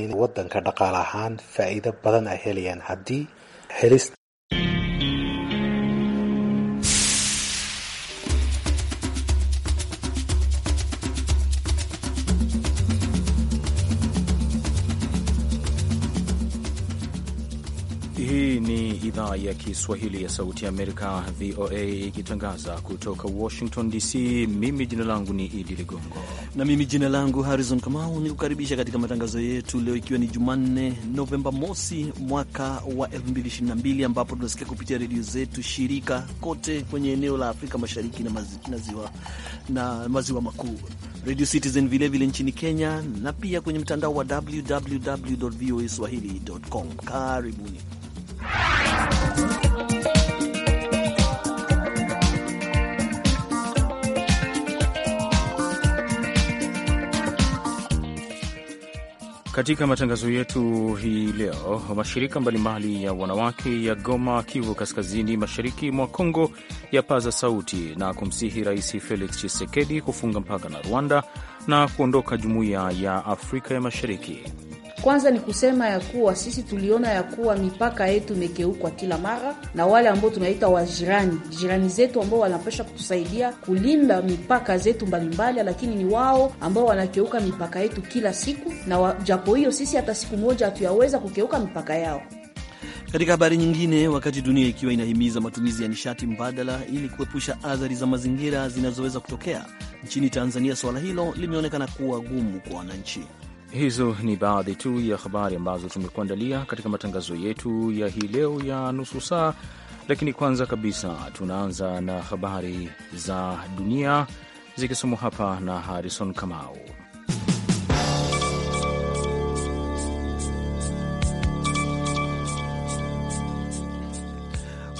wadanka dhaqaal ahaan faa'iido badan ay helayaan haddii helis idhaa ya Kiswahili ya Sauti ya Amerika, VOA, ikitangaza kutoka Washington DC. Mimi jina langu ni Idi Ligongo na mimi jina langu Harrison Kamau, ni kukaribisha katika matangazo yetu leo, ikiwa ni Jumanne Novemba mosi mwaka wa 2022 ambapo tunasikia kupitia redio zetu shirika kote kwenye eneo la Afrika Mashariki na maziwa, na maziwa makuu Radio Citizen vilevile vile nchini Kenya na pia kwenye mtandao wa www voa swahili.com. Karibuni. Katika matangazo yetu hii leo, mashirika mbalimbali ya wanawake ya Goma, Kivu Kaskazini, mashariki mwa Kongo yapaza sauti na kumsihi Rais Felix Tshisekedi kufunga mpaka na Rwanda na kuondoka Jumuiya ya Afrika ya Mashariki. Kwanza ni kusema ya kuwa sisi tuliona ya kuwa mipaka yetu imekeukwa kila mara na wale ambao tunaita wajirani, jirani zetu ambao wanapesha kutusaidia kulinda mipaka zetu mbalimbali, lakini ni wao ambao wanakeuka mipaka yetu kila siku, na japo hiyo sisi hata siku moja hatuyaweza kukeuka mipaka yao. Katika habari nyingine, wakati dunia ikiwa inahimiza matumizi ya nishati mbadala ili kuepusha athari za mazingira zinazoweza kutokea, nchini Tanzania suala hilo limeonekana kuwa gumu kwa wananchi. Hizo ni baadhi tu ya habari ambazo tumekuandalia katika matangazo yetu ya hii leo ya nusu saa, lakini kwanza kabisa tunaanza na habari za dunia zikisomwa hapa na Harrison Kamau.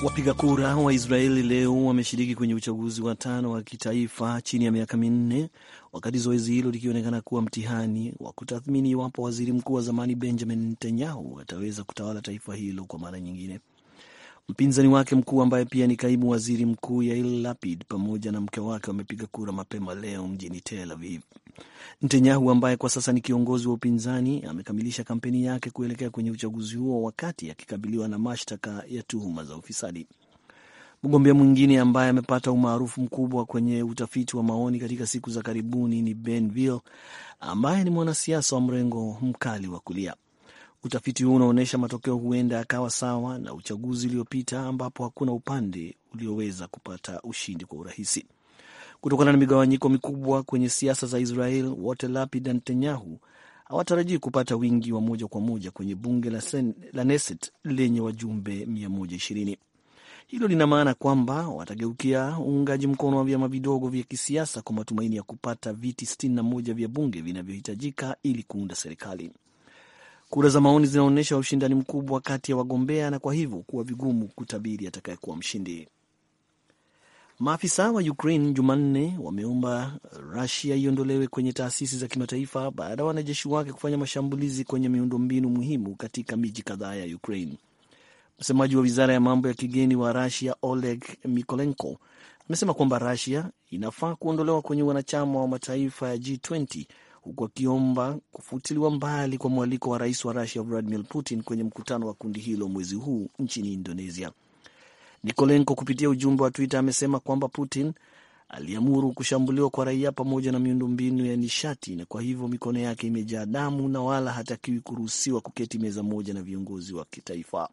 Wapiga kura wa Israeli leo wameshiriki kwenye uchaguzi wa tano wa kitaifa chini ya miaka minne wakati zoezi hilo likionekana kuwa mtihani wa kutathmini iwapo waziri mkuu wa zamani Benjamin Netanyahu ataweza kutawala taifa hilo kwa mara nyingine. Mpinzani wake mkuu ambaye pia ni kaimu waziri mkuu Yair Lapid pamoja na mke wake wamepiga kura mapema leo mjini Tel Aviv. Netanyahu ambaye kwa sasa ni kiongozi wa upinzani amekamilisha kampeni yake kuelekea kwenye uchaguzi huo wakati akikabiliwa na mashtaka ya tuhuma za ufisadi. Mgombea mwingine ambaye amepata umaarufu mkubwa kwenye utafiti wa maoni katika siku za karibuni ni Ben Vile ambaye ni mwanasiasa wa mrengo mkali wa kulia. Utafiti huu unaonyesha matokeo huenda yakawa sawa na uchaguzi uliopita ambapo hakuna upande ulioweza kupata ushindi kwa urahisi kutokana na migawanyiko mikubwa kwenye siasa za Israel. Wote Lapid na Netanyahu hawatarajii kupata wingi wa moja kwa moja kwenye bunge la neset lenye wajumbe 120. Hilo lina maana kwamba watageukia uungaji mkono wa vyama vidogo vya kisiasa kwa matumaini ya kupata viti 61 vya bunge vinavyohitajika ili kuunda serikali. Kura za maoni zinaonyesha ushindani mkubwa kati ya wagombea na kwa hivyo kuwa vigumu kutabiri atakayekuwa mshindi. Maafisa wa Ukraine Jumanne wameomba Rusia iondolewe kwenye taasisi za kimataifa baada ya wanajeshi wake kufanya mashambulizi kwenye miundombinu muhimu katika miji kadhaa ya Ukraine. Msemaji wa wizara ya mambo ya kigeni wa Rusia Oleg Mikolenko amesema kwamba Rusia inafaa kuondolewa kwenye wanachama wa mataifa ya G20 huku akiomba kufutiliwa mbali kwa mwaliko wa rais wa Rusia Vladimir Putin kwenye mkutano wa kundi hilo mwezi huu nchini Indonesia. Nikolenko kupitia ujumbe wa Twitter amesema kwamba Putin aliamuru kushambuliwa kwa raia pamoja na miundombinu ya nishati, na kwa hivyo mikono yake imejaa damu na wala hatakiwi kuruhusiwa kuketi meza moja na viongozi wa kitaifa.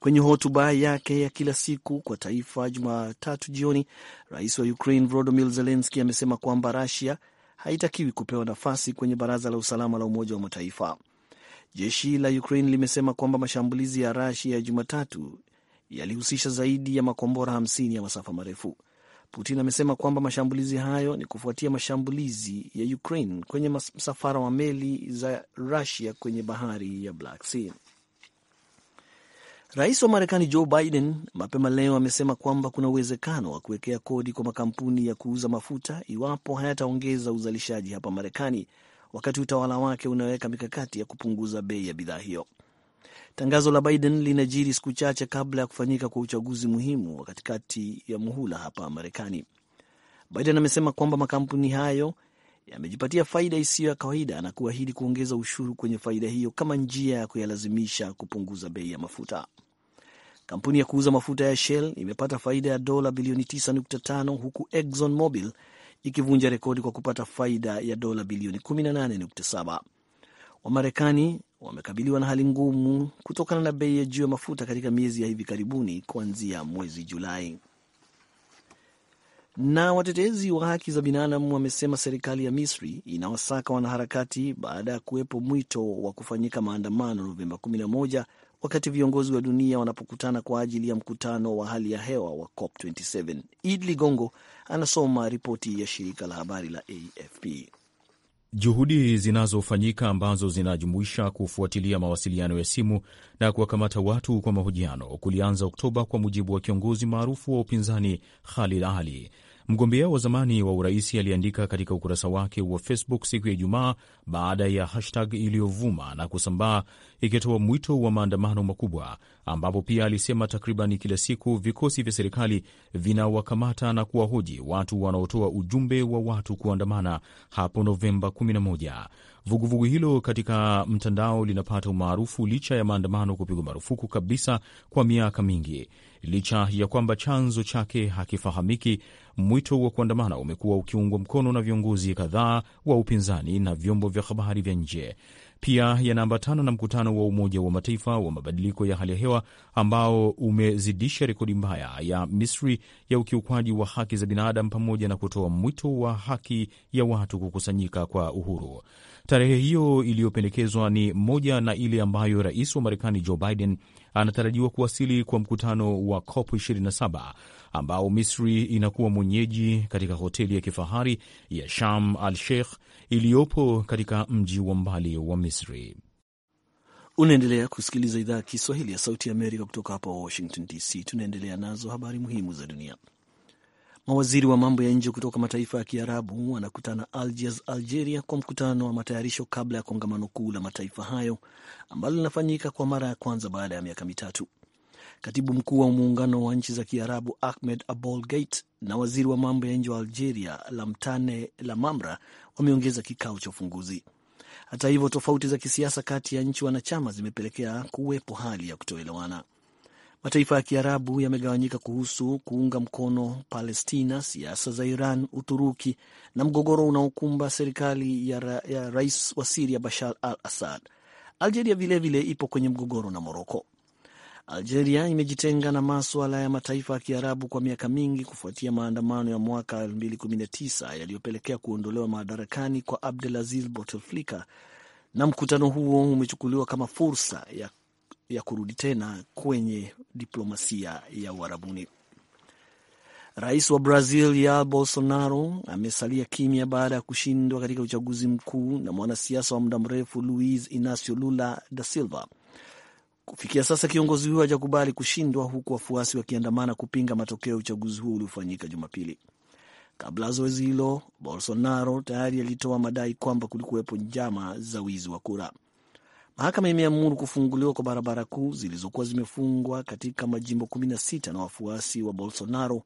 Kwenye hotuba yake ya kila siku kwa taifa Jumatatu jioni, rais wa Ukraine Volodymyr Zelensky amesema kwamba Russia haitakiwi kupewa nafasi kwenye Baraza la Usalama la Umoja wa Mataifa. Jeshi la Ukraine limesema kwamba mashambulizi ya Russia ya Jumatatu yalihusisha zaidi ya makombora 50 ya masafa marefu. Putin amesema kwamba mashambulizi hayo ni kufuatia mashambulizi ya Ukraine kwenye msafara wa meli za Russia kwenye bahari ya Black Sea. Rais wa Marekani Joe Biden mapema leo amesema kwamba kuna uwezekano wa kuwekea kodi kwa makampuni ya kuuza mafuta iwapo hayataongeza uzalishaji hapa Marekani, wakati utawala wake unaweka mikakati ya kupunguza bei ya bidhaa hiyo. Tangazo la Biden linajiri siku chache kabla ya kufanyika kwa uchaguzi muhimu wa katikati ya muhula hapa Marekani. Biden amesema kwamba makampuni hayo yamejipatia faida isiyo ya kawaida na kuahidi kuongeza ushuru kwenye faida hiyo kama njia ya kuyalazimisha kupunguza bei ya mafuta. Kampuni ya kuuza mafuta ya Shell imepata faida ya dola bilioni 9.5 huku Exxon Mobil ikivunja rekodi kwa kupata faida ya dola bilioni 18.7. Wamarekani wamekabiliwa na hali ngumu kutokana na bei ya juu ya mafuta katika miezi ya hivi karibuni kuanzia mwezi Julai. Na watetezi wa haki za binadamu wamesema serikali ya Misri inawasaka wanaharakati baada ya kuwepo mwito wa kufanyika maandamano Novemba 11 wakati viongozi wa dunia wanapokutana kwa ajili ya mkutano wa hali ya hewa wa COP27. Id Ligongo anasoma ripoti ya shirika la habari la AFP. Juhudi zinazofanyika ambazo zinajumuisha kufuatilia mawasiliano ya simu na kuwakamata watu kwa mahojiano kulianza Oktoba, kwa mujibu wa kiongozi maarufu wa upinzani Khalid Ali. Mgombea wa zamani wa urais aliandika katika ukurasa wake wa Facebook siku ya Ijumaa baada ya hashtag iliyovuma na kusambaa ikitoa mwito wa maandamano makubwa, ambapo pia alisema takriban kila siku vikosi vya serikali vinawakamata na kuwahoji watu wanaotoa ujumbe wa watu kuandamana hapo Novemba 11. Vuguvugu hilo katika mtandao linapata umaarufu licha ya maandamano kupigwa marufuku kabisa kwa miaka mingi. Licha ya kwamba chanzo chake hakifahamiki, mwito wa kuandamana umekuwa ukiungwa mkono na viongozi kadhaa wa upinzani na vyombo vya habari vya nje pia yanaambatana na mkutano wa Umoja wa Mataifa wa mabadiliko ya hali ya hewa ambao umezidisha rekodi mbaya ya Misri ya ukiukwaji wa haki za binadamu pamoja na kutoa mwito wa haki ya watu kukusanyika kwa uhuru. Tarehe hiyo iliyopendekezwa ni moja na ile ambayo rais wa Marekani Joe Biden anatarajiwa kuwasili kwa mkutano wa COP 27 ambao Misri inakuwa mwenyeji katika hoteli ya kifahari ya Sham al Sheikh iliyopo katika mji wa mbali wa Misri. Unaendelea kusikiliza idhaa ya Kiswahili ya Sauti ya Amerika kutoka hapa Washington DC. Tunaendelea nazo habari muhimu za dunia. Mawaziri wa mambo ya nje kutoka mataifa ya Kiarabu wanakutana Algiers, Algeria, kwa mkutano wa matayarisho kabla ya kongamano kuu la mataifa hayo ambalo linafanyika kwa mara ya kwanza baada ya miaka mitatu. Katibu mkuu wa muungano wa nchi za Kiarabu Ahmed Abol Gate na waziri wa mambo ya nje wa Algeria Lamtane Lamamra wameongeza kikao cha ufunguzi. Hata hivyo, tofauti za kisiasa kati ya nchi wanachama zimepelekea kuwepo hali ya kutoelewana. Mataifa ya Kiarabu yamegawanyika kuhusu kuunga mkono Palestina, siasa za Iran, Uturuki na mgogoro unaokumba serikali ya, ra, ya rais wa Siria Bashar al Assad. Algeria vilevile vile ipo kwenye mgogoro na Moroko. Algeria imejitenga na maswala ya mataifa ya Kiarabu kwa miaka mingi kufuatia maandamano ya mwaka 2019 yaliyopelekea kuondolewa madarakani kwa Abdelaziz Bouteflika, na mkutano huo umechukuliwa kama fursa ya, ya kurudi tena kwenye diplomasia ya uharabuni Rais wa Brazil Jair Bolsonaro amesalia kimya baada ya kushindwa katika uchaguzi mkuu na mwanasiasa wa muda mrefu Luiz Inacio Lula da Silva Kufikia sasa kiongozi huyo hajakubali kushindwa, huku wafuasi wakiandamana kupinga matokeo ya uchaguzi huo uliofanyika Jumapili. Kabla zoezi hilo, Bolsonaro tayari alitoa madai kwamba kulikuwepo njama za wizi wa kura. Mahakama imeamuru kufunguliwa kwa barabara kuu zilizokuwa zimefungwa katika majimbo 16 na wafuasi wa Bolsonaro,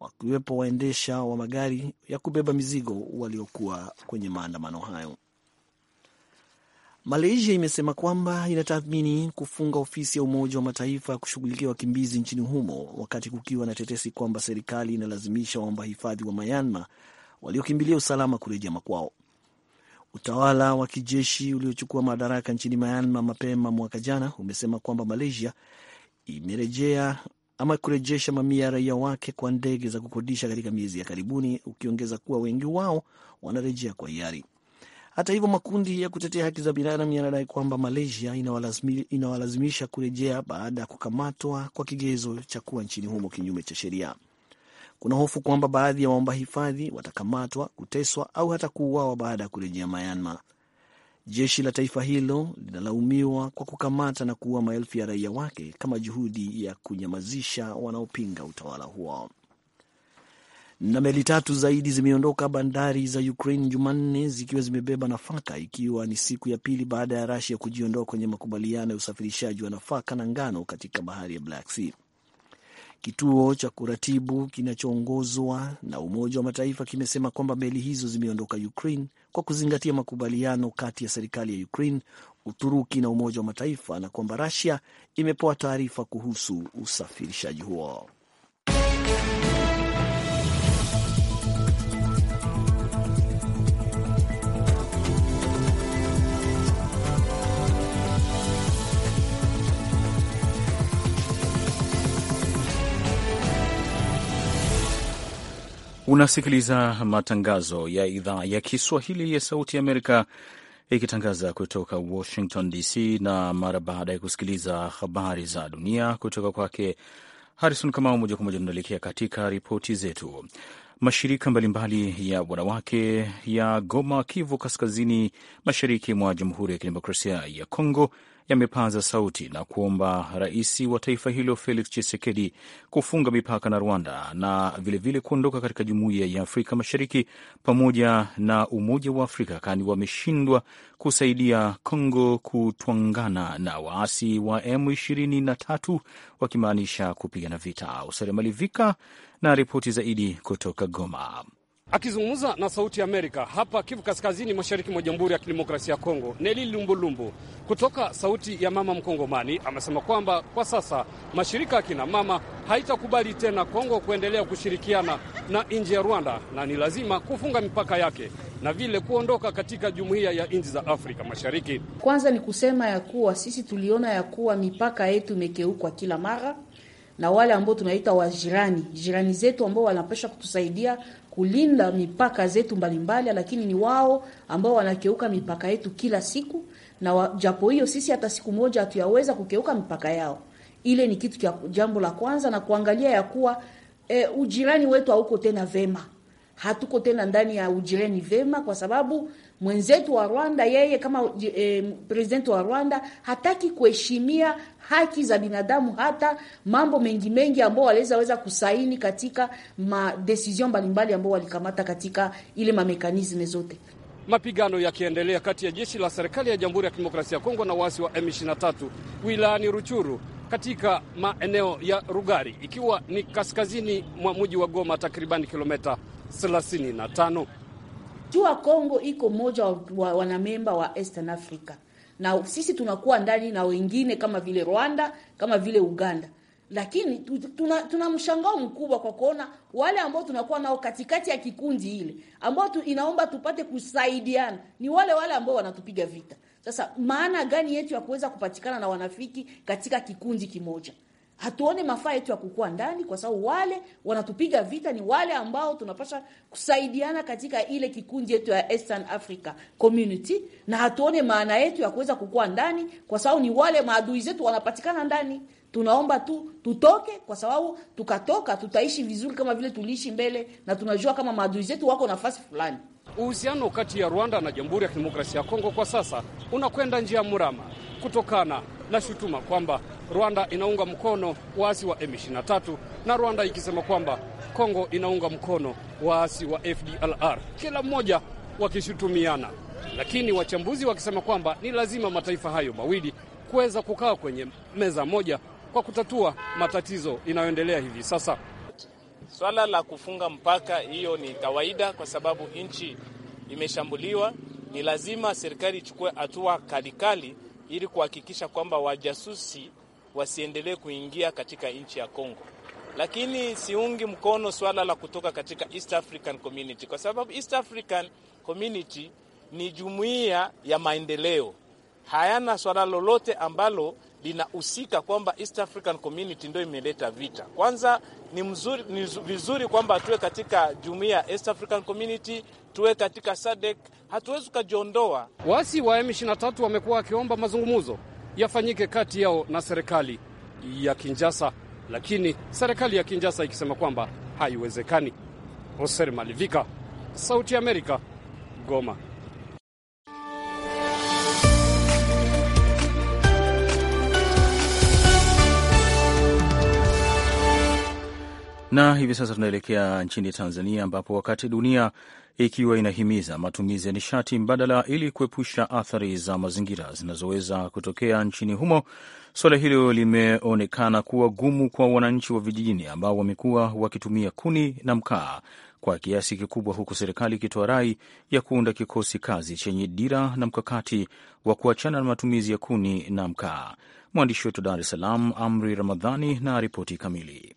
wakiwepo waendesha wa magari ya kubeba mizigo waliokuwa kwenye maandamano hayo. Malaysia imesema kwamba inatathmini kufunga ofisi ya Umoja wa Mataifa ya kushughulikia wakimbizi nchini humo wakati kukiwa na tetesi kwamba serikali inalazimisha waomba hifadhi wa Myanmar waliokimbilia usalama kurejea makwao. Utawala wa kijeshi uliochukua madaraka nchini Myanmar mapema mwaka jana umesema kwamba Malaysia imerejea ama kurejesha mamia ya raia wake kwa ndege za kukodisha katika miezi ya karibuni, ukiongeza kuwa wengi wao wanarejea kwa hiari. Hata hivyo, makundi ya kutetea haki za binadamu yanadai kwamba Malaysia inawalazimisha kurejea baada ya kukamatwa kwa kigezo cha kuwa nchini humo kinyume cha sheria. Kuna hofu kwamba baadhi ya waomba hifadhi watakamatwa, kuteswa au hata kuuawa baada ya kurejea Myanmar. Jeshi la taifa hilo linalaumiwa kwa kukamata na kuua maelfu ya raia wake kama juhudi ya kunyamazisha wanaopinga utawala huo na meli tatu zaidi zimeondoka bandari za Ukraine Jumanne zikiwa zimebeba nafaka, ikiwa ni siku ya pili baada ya Russia kujiondoa kwenye makubaliano ya usafirishaji wa nafaka na ngano katika bahari ya Black Sea. Kituo cha kuratibu kinachoongozwa na Umoja wa Mataifa kimesema kwamba meli hizo zimeondoka Ukraine kwa kuzingatia makubaliano kati ya serikali ya Ukraine, Uturuki na Umoja wa Mataifa na kwamba Russia imepewa taarifa kuhusu usafirishaji huo. Unasikiliza matangazo ya idhaa ya Kiswahili ya Sauti ya Amerika ikitangaza kutoka Washington DC, na mara baada ya kusikiliza habari za dunia kutoka kwake Harrison Kamau, moja kwa moja tunaelekea katika ripoti zetu. Mashirika mbalimbali ya wanawake ya Goma, Kivu Kaskazini, mashariki mwa Jamhuri ya Kidemokrasia ya Kongo yamepaza sauti na kuomba rais wa taifa hilo Felix Tshisekedi kufunga mipaka na Rwanda na vilevile kuondoka katika jumuiya ya Afrika Mashariki pamoja na Umoja wa Afrika, kwani wameshindwa kusaidia congo kutwangana na waasi wa M23 wakimaanisha kupigana vita. Usare na ripoti zaidi kutoka Goma. Akizungumza na Sauti ya Amerika hapa Kivu Kaskazini, mashariki mwa Jamhuri ya Kidemokrasia ya Kongo, Neli Lumbulumbu kutoka Sauti ya Mama Mkongomani amesema kwamba kwa sasa mashirika ya kina mama haitakubali tena Kongo kuendelea kushirikiana na nchi ya Rwanda na ni lazima kufunga mipaka yake na vile kuondoka katika jumuiya ya nchi za Afrika Mashariki. Kwanza ni kusema ya kuwa sisi tuliona ya kuwa mipaka yetu imekeukwa kila mara na wale ambao tunaita wajirani jirani zetu ambao wanapesha kutusaidia kulinda mipaka zetu mbalimbali, lakini ni wao ambao wanakeuka mipaka yetu kila siku, na japo hiyo sisi hata siku moja hatuyaweza kukeuka mipaka yao. Ile ni kitu cha jambo la kwanza, na kuangalia ya kuwa e, ujirani wetu hauko tena vema, hatuko tena ndani ya ujirani vema, kwa sababu mwenzetu wa Rwanda yeye kama e, president wa Rwanda hataki kuheshimia haki za binadamu, hata mambo mengi mengi ambao waliweza weza kusaini katika madecision mbalimbali ambao walikamata katika ile mamekanisme zote. Mapigano yakiendelea kati ya jeshi la serikali ya Jamhuri ya Kidemokrasia ya Kongo na waasi wa M23 wilayani Ruchuru katika maeneo ya Rugari ikiwa ni kaskazini mwa mji wa Goma takribani kilomita 35. Jua Kongo iko mmoja wa wanamemba wa Eastern Africa na sisi tunakuwa ndani na wengine kama vile Rwanda, kama vile Uganda, lakini tuna, tuna mshangao mkubwa kwa kuona wale ambao tunakuwa nao katikati ya kikundi ile ambao tu, inaomba tupate kusaidiana ni wale wale ambao wanatupiga vita. Sasa maana gani yetu ya kuweza kupatikana na wanafiki katika kikundi kimoja? hatuone mafaa yetu ya kukua ndani, kwa sababu wale wanatupiga vita ni wale ambao tunapasha kusaidiana katika ile kikundi yetu ya Eastern Africa Community, na hatuone maana yetu ya kuweza kukua ndani, kwa sababu ni wale maadui zetu wanapatikana ndani. Tunaomba tu tutoke, kwa sababu tukatoka tutaishi vizuri kama vile tuliishi mbele, na tunajua kama maadui zetu wako nafasi fulani. Uhusiano kati ya Rwanda na Jamhuri ya Kidemokrasia ya Kongo kwa sasa unakwenda njia mrama kutokana na shutuma kwamba Rwanda inaunga mkono waasi wa M23 na Rwanda ikisema kwamba Kongo inaunga mkono waasi wa FDLR, kila mmoja wakishutumiana, lakini wachambuzi wakisema kwamba ni lazima mataifa hayo mawili kuweza kukaa kwenye meza moja kwa kutatua matatizo inayoendelea hivi sasa. Swala la kufunga mpaka, hiyo ni kawaida, kwa sababu nchi imeshambuliwa. Ni lazima serikali ichukue hatua kalikali ili kuhakikisha kwamba wajasusi wasiendelee kuingia katika nchi ya Kongo. Lakini siungi mkono swala la kutoka katika East African Community kwa sababu East African Community ni jumuiya ya maendeleo. Hayana swala lolote ambalo linahusika kwamba East African Community ndio imeleta vita. Kwanza ni, mzuri, ni vizuri kwamba tuwe katika jumuiya ya East African Community, tuwe katika SADC. Hatuwezi kujiondoa. Wasi wa M23 wamekuwa wakiomba mazungumzo yafanyike kati yao na serikali ya Kinjasa, lakini serikali ya Kinjasa ikisema kwamba haiwezekani. Hoser Malivika, Sauti ya Amerika, Goma. Na hivi sasa tunaelekea nchini Tanzania ambapo wakati dunia ikiwa inahimiza matumizi ya nishati mbadala ili kuepusha athari za mazingira zinazoweza kutokea nchini humo, suala hilo limeonekana kuwa gumu kwa wananchi wa vijijini ambao wamekuwa wakitumia kuni na mkaa kwa kiasi kikubwa, huku serikali ikitoa rai ya kuunda kikosi kazi chenye dira na mkakati wa kuachana na matumizi ya kuni na mkaa. Mwandishi wetu Dar es Salaam, Amri Ramadhani, na ripoti kamili.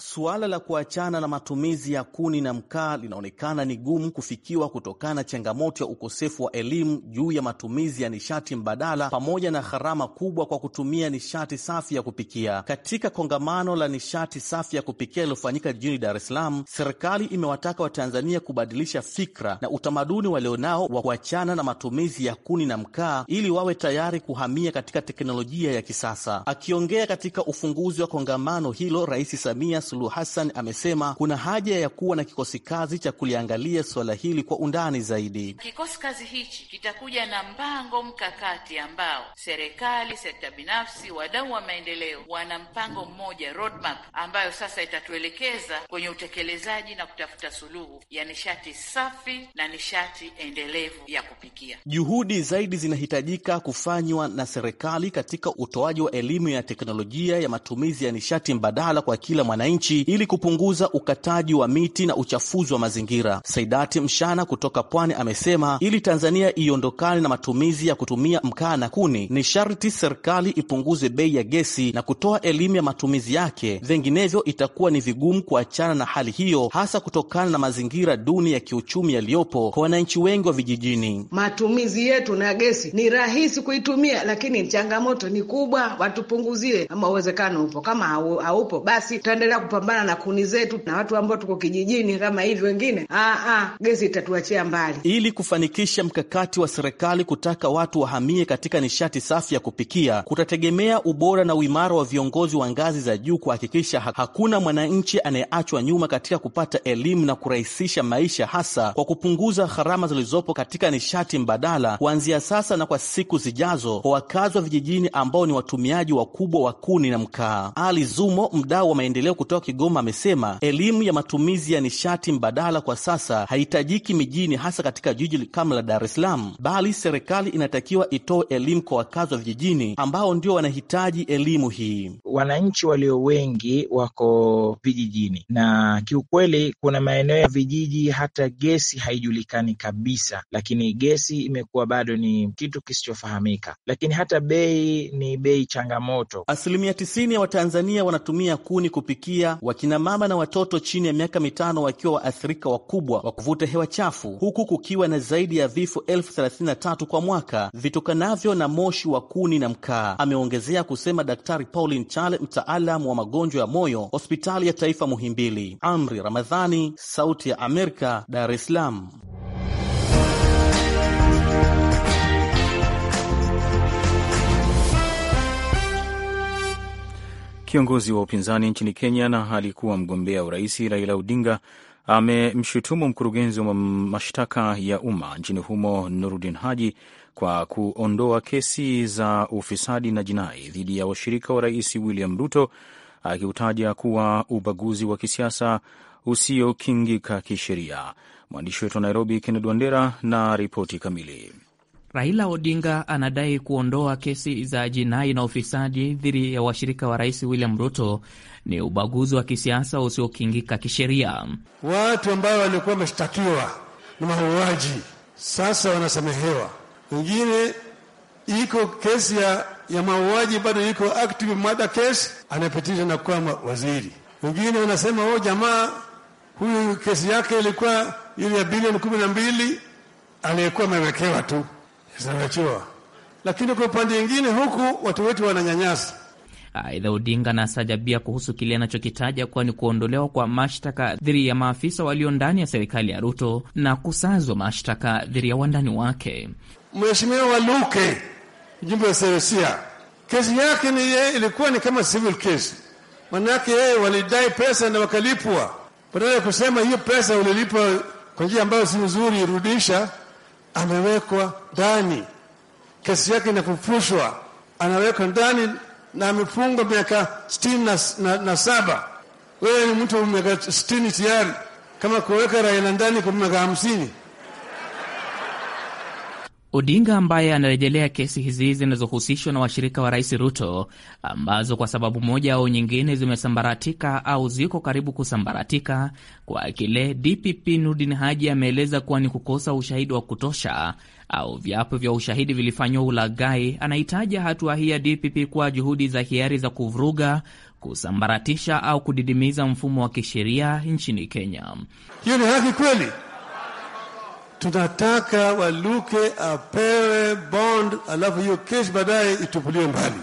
Suala la kuachana na matumizi ya kuni na mkaa linaonekana ni gumu kufikiwa kutokana na changamoto ya ukosefu wa elimu juu ya matumizi ya nishati mbadala pamoja na gharama kubwa kwa kutumia nishati safi ya kupikia. Katika kongamano la nishati safi ya kupikia lililofanyika jijini Dar es Salaam, serikali imewataka Watanzania kubadilisha fikra na utamaduni walionao wa kuachana na matumizi ya kuni na mkaa ili wawe tayari kuhamia katika teknolojia ya kisasa. Akiongea katika ufunguzi wa kongamano hilo, Rais Samia Suluhu Hassan amesema kuna haja ya kuwa na kikosi kazi cha kuliangalia suala hili kwa undani zaidi. Kikosi kazi hichi kitakuja na mpango mkakati ambao serikali, sekta binafsi, wadau wa maendeleo wana mpango mmoja, roadmap, ambayo sasa itatuelekeza kwenye utekelezaji na kutafuta suluhu ya nishati safi na nishati endelevu ya kupikia. Juhudi zaidi zinahitajika kufanywa na serikali katika utoaji wa elimu ya teknolojia ya matumizi ya nishati mbadala kwa kila mwananchi nchi ili kupunguza ukataji wa miti na uchafuzi wa mazingira. Saidati Mshana kutoka Pwani amesema ili Tanzania iondokane na matumizi ya kutumia mkaa na kuni, ni sharti serikali ipunguze bei ya gesi na kutoa elimu ya matumizi yake, vinginevyo itakuwa ni vigumu kuachana na hali hiyo, hasa kutokana na mazingira duni ya kiuchumi yaliyopo kwa wananchi wengi wa vijijini. Matumizi yetu na gesi ni rahisi kuitumia, lakini changamoto ni kubwa, watupunguzie. Ama uwezekano upo, kama haupo basi tutaendelea kupambana na kuni zetu na watu ambao tuko kijijini kama hivi wengine, ah, ah, gesi itatuachia mbali. Ili kufanikisha mkakati wa serikali kutaka watu wahamie katika nishati safi ya kupikia, kutategemea ubora na uimara wa viongozi wa ngazi za juu kuhakikisha hakuna mwananchi anayeachwa nyuma katika kupata elimu na kurahisisha maisha, hasa kwa kupunguza gharama zilizopo katika nishati mbadala kuanzia sasa na kwa siku zijazo, kwa wakazi wa vijijini ambao ni watumiaji wakubwa wa kuni na mkaa. Ali Zumo, mdau wa maendeleo kutoka wa Kigoma amesema elimu ya matumizi ya nishati mbadala kwa sasa haihitajiki mijini, hasa katika jiji kama la Dar es Salaam, bali serikali inatakiwa itoe elimu kwa wakazi wa vijijini ambao ndio wanahitaji elimu hii. Wananchi walio wengi wako vijijini, na kiukweli kuna maeneo ya vijiji hata gesi haijulikani kabisa, lakini gesi imekuwa bado ni kitu kisichofahamika, lakini hata bei ni bei changamoto. Asilimia tisini ya Watanzania wanatumia kuni kupikia Tanzania, wakinamama na watoto chini ya miaka mitano wakiwa waathirika wakubwa wa kuvuta hewa chafu, huku kukiwa na zaidi ya vifo elfu thelathini na tatu kwa mwaka vitokanavyo na moshi wa kuni na mkaa. Ameongezea kusema Daktari paulin Chale, mtaalamu wa magonjwa ya moyo, hospitali ya taifa Muhimbili. Amri Ramadhani, Sauti ya Amerika, Dar es Salaam. Kiongozi wa upinzani nchini Kenya na alikuwa mgombea urais Raila Odinga amemshutumu mkurugenzi wa mashtaka ya umma nchini humo Nurudin Haji kwa kuondoa kesi za ufisadi na jinai dhidi ya washirika wa rais William Ruto, akiutaja kuwa ubaguzi wa kisiasa usiokingika kisheria. Mwandishi wetu wa Nairobi, Kennedy Wandera, na ripoti kamili. Raila Odinga anadai kuondoa kesi za jinai na ufisadi dhidi ya washirika wa rais William Ruto ni ubaguzi wa kisiasa usiokingika kisheria. Watu ambao walikuwa wameshtakiwa na mauaji sasa wanasamehewa, wengine iko kesi ya, ya mauaji bado iko active murder case, na kuwa waziri. Wengine wanasema o, oh, jamaa huyu kesi yake ilikuwa ile ya bilioni kumi na mbili aliyekuwa amewekewa tu zinaachiwa, lakini kwa upande wingine huku watu wetu wananyanyasa. Ah, Aidha, Odinga na sajabia kuhusu kile anachokitaja kuwa ni kuondolewa kwa mashtaka dhidi ya maafisa walio ndani ya serikali ya Ruto na kusazwa mashtaka dhidi ya wandani wake. Mheshimiwa Waluke, mjumbe wa Seresia, kesi yake ni yeye, ilikuwa ni kama civil case, manake yeye walidai pesa na wakalipwa, badala ya kusema hiyo pesa ulilipwa kwa njia ambayo si nzuri, irudisha amewekwa ndani, kesi yake inafufushwa, anawekwa ndani na amefungwa miaka sitini na, na, na saba. Wewe ni mtu miaka sitini tayari, kama kuweka raia ndani kwa miaka hamsini. Odinga ambaye anarejelea kesi hizi zinazohusishwa na washirika wa rais Ruto ambazo kwa sababu moja au nyingine zimesambaratika au ziko karibu kusambaratika kwa kile DPP Nurdin Haji ameeleza kuwa ni kukosa ushahidi wa kutosha au viapo vya ushahidi vilifanywa ulaghai, anahitaja hatua hii ya DPP kuwa juhudi za hiari za kuvuruga, kusambaratisha au kudidimiza mfumo wa kisheria nchini Kenya. Hiyo ni haki kweli? tunataka Waluke apewe bond, alafu hiyo kesi baadaye itupuliwe mbali.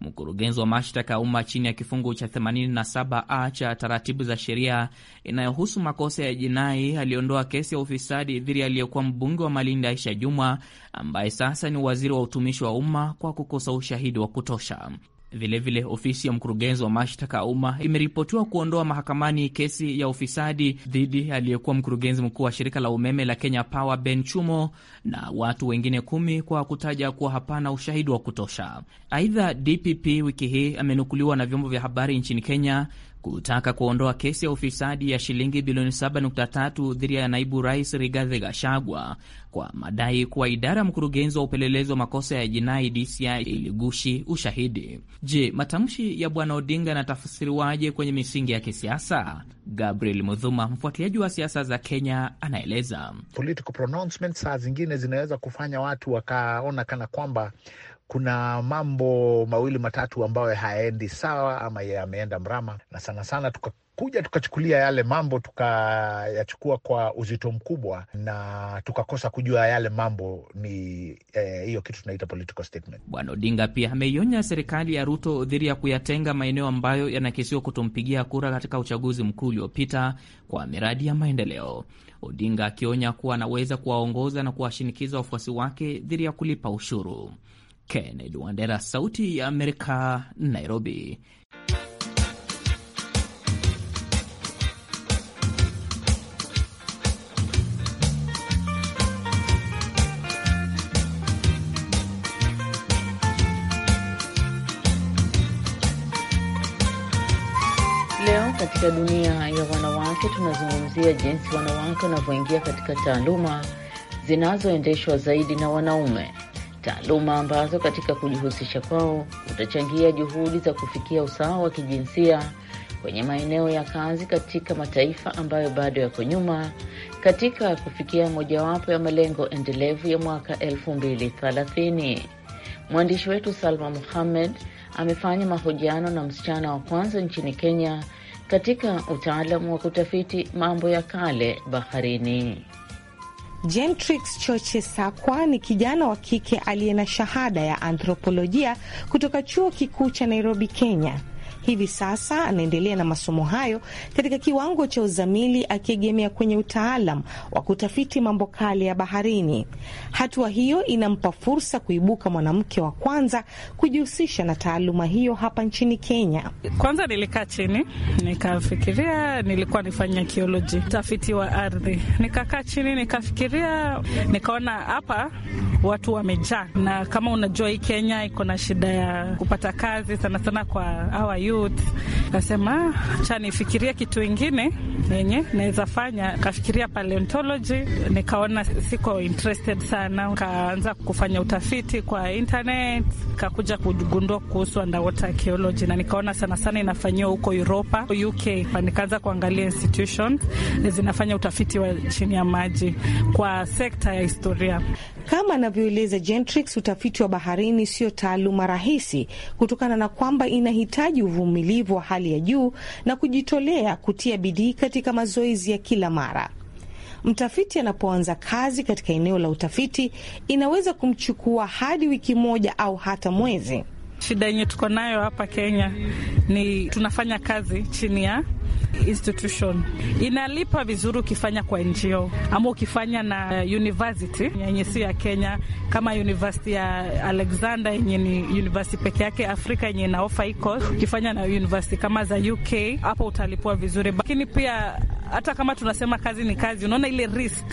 Mkurugenzi wa mashtaka ya umma chini ya kifungu cha 87a cha taratibu za sheria inayohusu makosa ya jinai aliondoa kesi ya ufisadi dhidi aliyekuwa mbunge wa Malindi Aisha Jumwa ambaye sasa ni waziri wa utumishi wa umma kwa kukosa ushahidi wa kutosha. Vilevile vile ofisi ya mkurugenzi wa mashtaka ya umma imeripotiwa kuondoa mahakamani kesi ya ufisadi dhidi aliyekuwa mkurugenzi mkuu wa shirika la umeme la Kenya Power Ben Chumo na watu wengine kumi kwa kutaja kuwa hapana ushahidi wa kutosha. Aidha, DPP wiki hii amenukuliwa na vyombo vya habari nchini Kenya kutaka kuondoa kesi ya ufisadi ya shilingi bilioni 7.3 dhidi ya naibu rais Rigathi Gachagua kwa madai kuwa idara ya mkurugenzi wa upelelezi wa makosa ya jinai DCI iligushi ushahidi. Je, matamshi ya bwana Odinga yanatafsiriwaje kwenye misingi ya kisiasa? Gabriel Mudhuma, mfuatiliaji wa siasa za Kenya, anaeleza. Political pronouncements saa zingine zinaweza kufanya watu wakaona kana kwamba kuna mambo mawili matatu ambayo hayaendi sawa ama yameenda mrama, na sana sana tuka kuja tukachukulia yale mambo tukayachukua kwa uzito mkubwa na tukakosa kujua yale mambo ni eh, hiyo, eh, kitu tunaita political statement. Bwana Odinga pia ameionya serikali ya Ruto dhidi ya kuyatenga maeneo ambayo yanakisiwa kutompigia kura katika uchaguzi mkuu uliopita kwa miradi ya maendeleo, Odinga akionya kuwa anaweza kuwaongoza na kuwashinikiza wafuasi wake dhidi ya kulipa ushuru. Kennedy Wandera, Sauti ya Amerika, Nairobi. Leo katika dunia ya wanawake tunazungumzia jinsi wanawake wanavyoingia katika taaluma zinazoendeshwa zaidi na wanaume taaluma ambazo katika kujihusisha kwao utachangia juhudi za kufikia usawa wa kijinsia kwenye maeneo ya kazi katika mataifa ambayo bado yako nyuma katika kufikia mojawapo ya malengo endelevu ya mwaka 2030. Mwandishi wetu Salma Muhammed amefanya mahojiano na msichana wa kwanza nchini Kenya katika utaalamu wa kutafiti mambo ya kale baharini. Gentrix Choche Sakwa ni kijana wa kike aliye na shahada ya anthropolojia kutoka chuo kikuu cha Nairobi, Kenya hivi sasa anaendelea na masomo hayo katika kiwango cha uzamili akiegemea kwenye utaalam wa kutafiti mambo kale ya baharini. Hatua hiyo inampa fursa kuibuka mwanamke wa kwanza kujihusisha na taaluma hiyo hapa nchini Kenya. Kwanza nilikaa chini nikafikiria, nilikuwa nifanya kioloji, utafiti wa ardhi. Nikakaa chini nikafikiria, nikaona hapa watu wamejaa, na kama unajua hii Kenya iko na shida ya kupata kazi sana sana kwa hawa youth. Kasema cha nifikirie kitu ingine yenye naweza fanya, kafikiria paleontology, nikaona siko interested sana, kaanza kufanya utafiti kwa internet, kakuja kugundua kuhusu underwater archaeology, na nikaona sana sana inafanyiwa huko Europa, UK. Nikaanza kuangalia institutions zinafanya utafiti wa chini ya maji kwa sekta ya historia. Kama anavyoeleza Gentrix, utafiti wa baharini sio taaluma rahisi kutokana na kwamba inahitaji uvumilivu uvumilivu wa hali ya juu na kujitolea kutia bidii katika mazoezi ya kila mara. Mtafiti anapoanza kazi katika eneo la utafiti, inaweza kumchukua hadi wiki moja au hata mwezi. Shida yenye tuko nayo hapa Kenya ni tunafanya kazi chini ya institution inalipa vizuri ukifanya kwa NGO ama ukifanya na university yenye si ya Kenya, kama university ya Alexander yenye ni university peke yake Afrika yenye inaofa iko. Ukifanya na university kama za UK, hapo utalipwa vizuri, lakini pia hata kama tunasema kazi ni kazi, unaona ile risk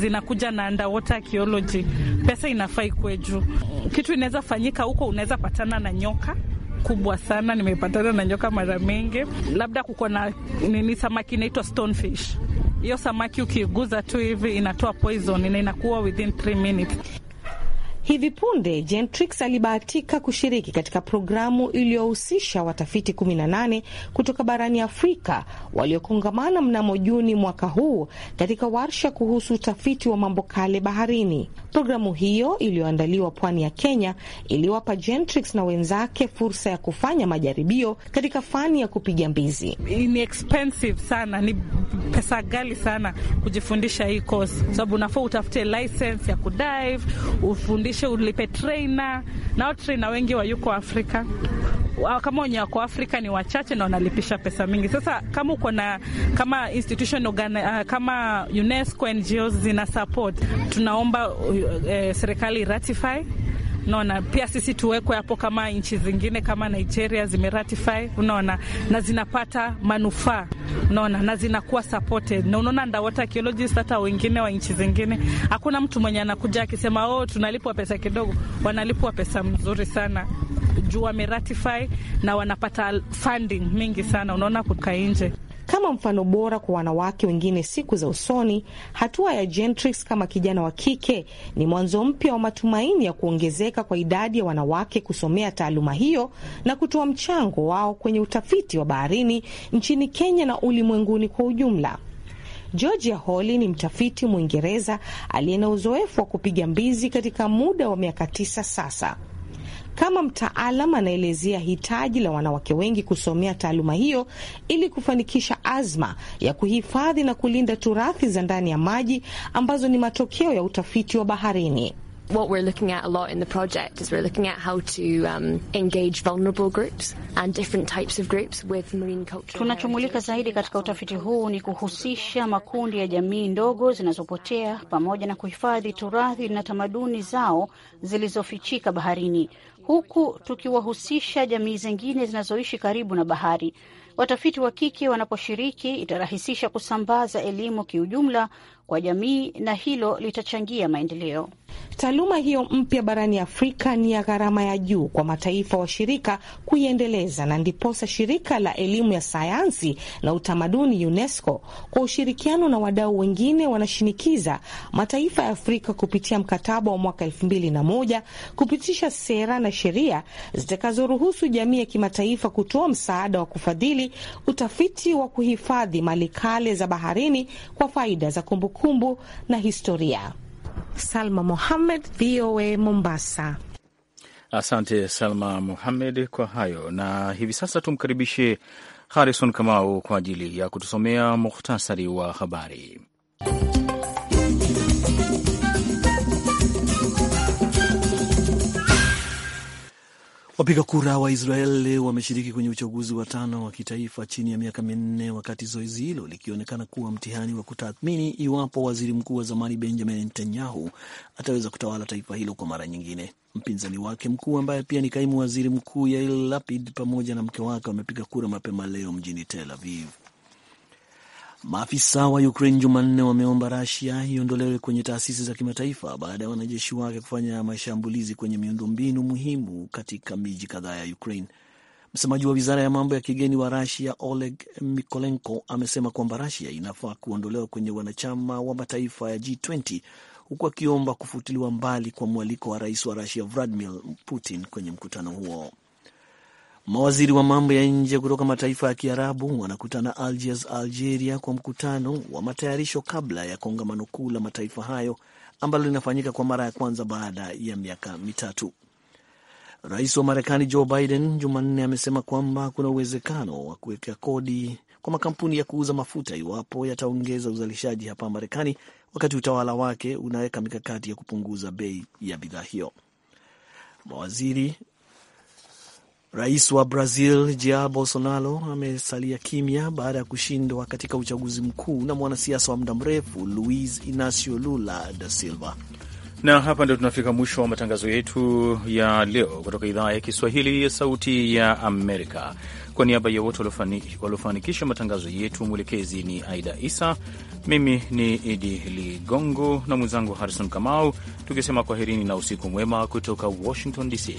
zinakuja na underwater archaeology, pesa inafaa ikwe juu. Kitu inaweza fanyika huko, unaweza patana na nyoka kubwa sana, nimepatana na nyoka mara mingi. Labda kuko na nini, samaki inaitwa stonefish. Hiyo samaki ukiguza tu hivi inatoa poison na inakuwa within 3 minutes. Hivi punde Gentrix alibahatika kushiriki katika programu iliyohusisha watafiti 18 kutoka barani Afrika waliokongamana mnamo Juni mwaka huu katika warsha kuhusu utafiti wa mambo kale baharini. Programu hiyo iliyoandaliwa pwani ya Kenya iliwapa Gentrix na wenzake fursa ya kufanya majaribio katika fani ya kupiga mbizi. Ni expensive sana, ni pesa ghali sana kujifundisha hii course, sababu unafaa utafute license ya kudive, ufundishe usababishe ulipe na nao treina wengi wa yuko Afrika kama wenye wako Afrika ni wachache na wanalipisha pesa mingi. Sasa kama uko na kama institution uh, kama UNESCO NGOs zina support, tunaomba uh, uh, serikali ratify unaona. Pia sisi tuwekwe hapo kama nchi zingine kama Nigeria zimeratify, unaona, na zinapata manufaa, unaona, na zinakuwa supported na unaona, ndawata archaeologists hata wengine wa nchi zingine, hakuna mtu mwenye anakuja akisema oh, tunalipwa pesa kidogo. Wanalipwa pesa mzuri sana juu wameratify na wanapata funding mingi sana, unaona, kuka nje kama mfano bora kwa wanawake wengine siku za usoni. Hatua ya Gentrix kama kijana wa kike ni mwanzo mpya wa matumaini ya kuongezeka kwa idadi ya wanawake kusomea taaluma hiyo na kutoa mchango wao kwenye utafiti wa baharini nchini Kenya na ulimwenguni kwa ujumla. Georgia Holly ni mtafiti Mwingereza aliye na uzoefu wa kupiga mbizi katika muda wa miaka tisa sasa. Kama mtaalam anaelezea hitaji la wanawake wengi kusomea taaluma hiyo ili kufanikisha azma ya kuhifadhi na kulinda turathi za ndani ya maji ambazo ni matokeo ya utafiti wa baharini. What we're looking at a lot in the project is we're looking at how to um, engage vulnerable groups and different types of groups with marine culture. Tunachomulika zaidi katika utafiti huu ni kuhusisha makundi ya jamii ndogo zinazopotea pamoja na kuhifadhi turathi na tamaduni zao zilizofichika baharini huku tukiwahusisha jamii zingine zinazoishi karibu na bahari. Watafiti wa kike wanaposhiriki, itarahisisha kusambaza elimu kiujumla kwa jamii na hilo litachangia maendeleo. Taaluma hiyo mpya barani Afrika ni ya gharama ya juu kwa mataifa washirika kuiendeleza, na ndiposa shirika la elimu ya sayansi na utamaduni UNESCO kwa ushirikiano na wadau wengine wanashinikiza mataifa ya Afrika kupitia mkataba wa mwaka elfu mbili na moja kupitisha sera na sheria zitakazoruhusu jamii ya kimataifa kutoa msaada wa kufadhili utafiti wa kuhifadhi mali kale za baharini kwa faida za kumbukumbu na historia. Salma Mohamed, VOA Mombasa. Asante Salma Mohamed kwa hayo, na hivi sasa tumkaribishe Harrison Kamau kwa ajili ya kutusomea muhtasari wa habari. Wapiga kura wa israel leo wameshiriki kwenye uchaguzi wa tano wa kitaifa chini ya miaka minne, wakati zoezi hilo likionekana kuwa mtihani wa kutathmini iwapo waziri mkuu wa zamani Benjamin Netanyahu ataweza kutawala taifa hilo kwa mara nyingine. Mpinzani wake mkuu ambaye pia ni kaimu waziri mkuu Yair Lapid pamoja na mke wake wamepiga kura mapema leo mjini Tel Aviv. Maafisa wa Ukraine Jumanne wameomba Rasia iondolewe kwenye taasisi za kimataifa baada ya wanajeshi wake kufanya mashambulizi kwenye miundombinu muhimu katika miji kadhaa ya Ukraine. Msemaji wa wizara ya mambo ya kigeni wa Rasia Oleg Mikolenko amesema kwamba Rasia inafaa kuondolewa kwenye wanachama wa mataifa ya G20 huku akiomba kufutiliwa mbali kwa mwaliko wa rais wa Rasia Vladimir Putin kwenye mkutano huo. Mawaziri wa mambo ya nje kutoka mataifa ya Kiarabu wanakutana Algiers, Algeria, kwa mkutano wa matayarisho kabla ya kongamano kuu la mataifa hayo ambalo linafanyika kwa mara ya kwanza baada ya miaka mitatu. Rais wa Marekani Joe Biden Jumanne amesema kwamba kuna uwezekano wa kuweka kodi kwa makampuni ya kuuza mafuta iwapo yataongeza uzalishaji hapa Marekani, wakati utawala wake unaweka mikakati ya kupunguza bei ya bidhaa hiyo. Mawaziri Rais wa Brazil Jair Bolsonaro amesalia kimya baada ya kushindwa katika uchaguzi mkuu na mwanasiasa wa muda mrefu Luiz Inacio Lula da Silva. Na hapa ndio tunafika mwisho wa matangazo yetu ya leo kutoka idhaa ya Kiswahili ya Sauti ya Amerika. Kwa niaba ya wote waliofanikisha matangazo yetu, mwelekezi ni Aida Isa, mimi ni Idi Ligongo na mwenzangu Harrison Kamau, tukisema kwaherini na usiku mwema kutoka Washington DC.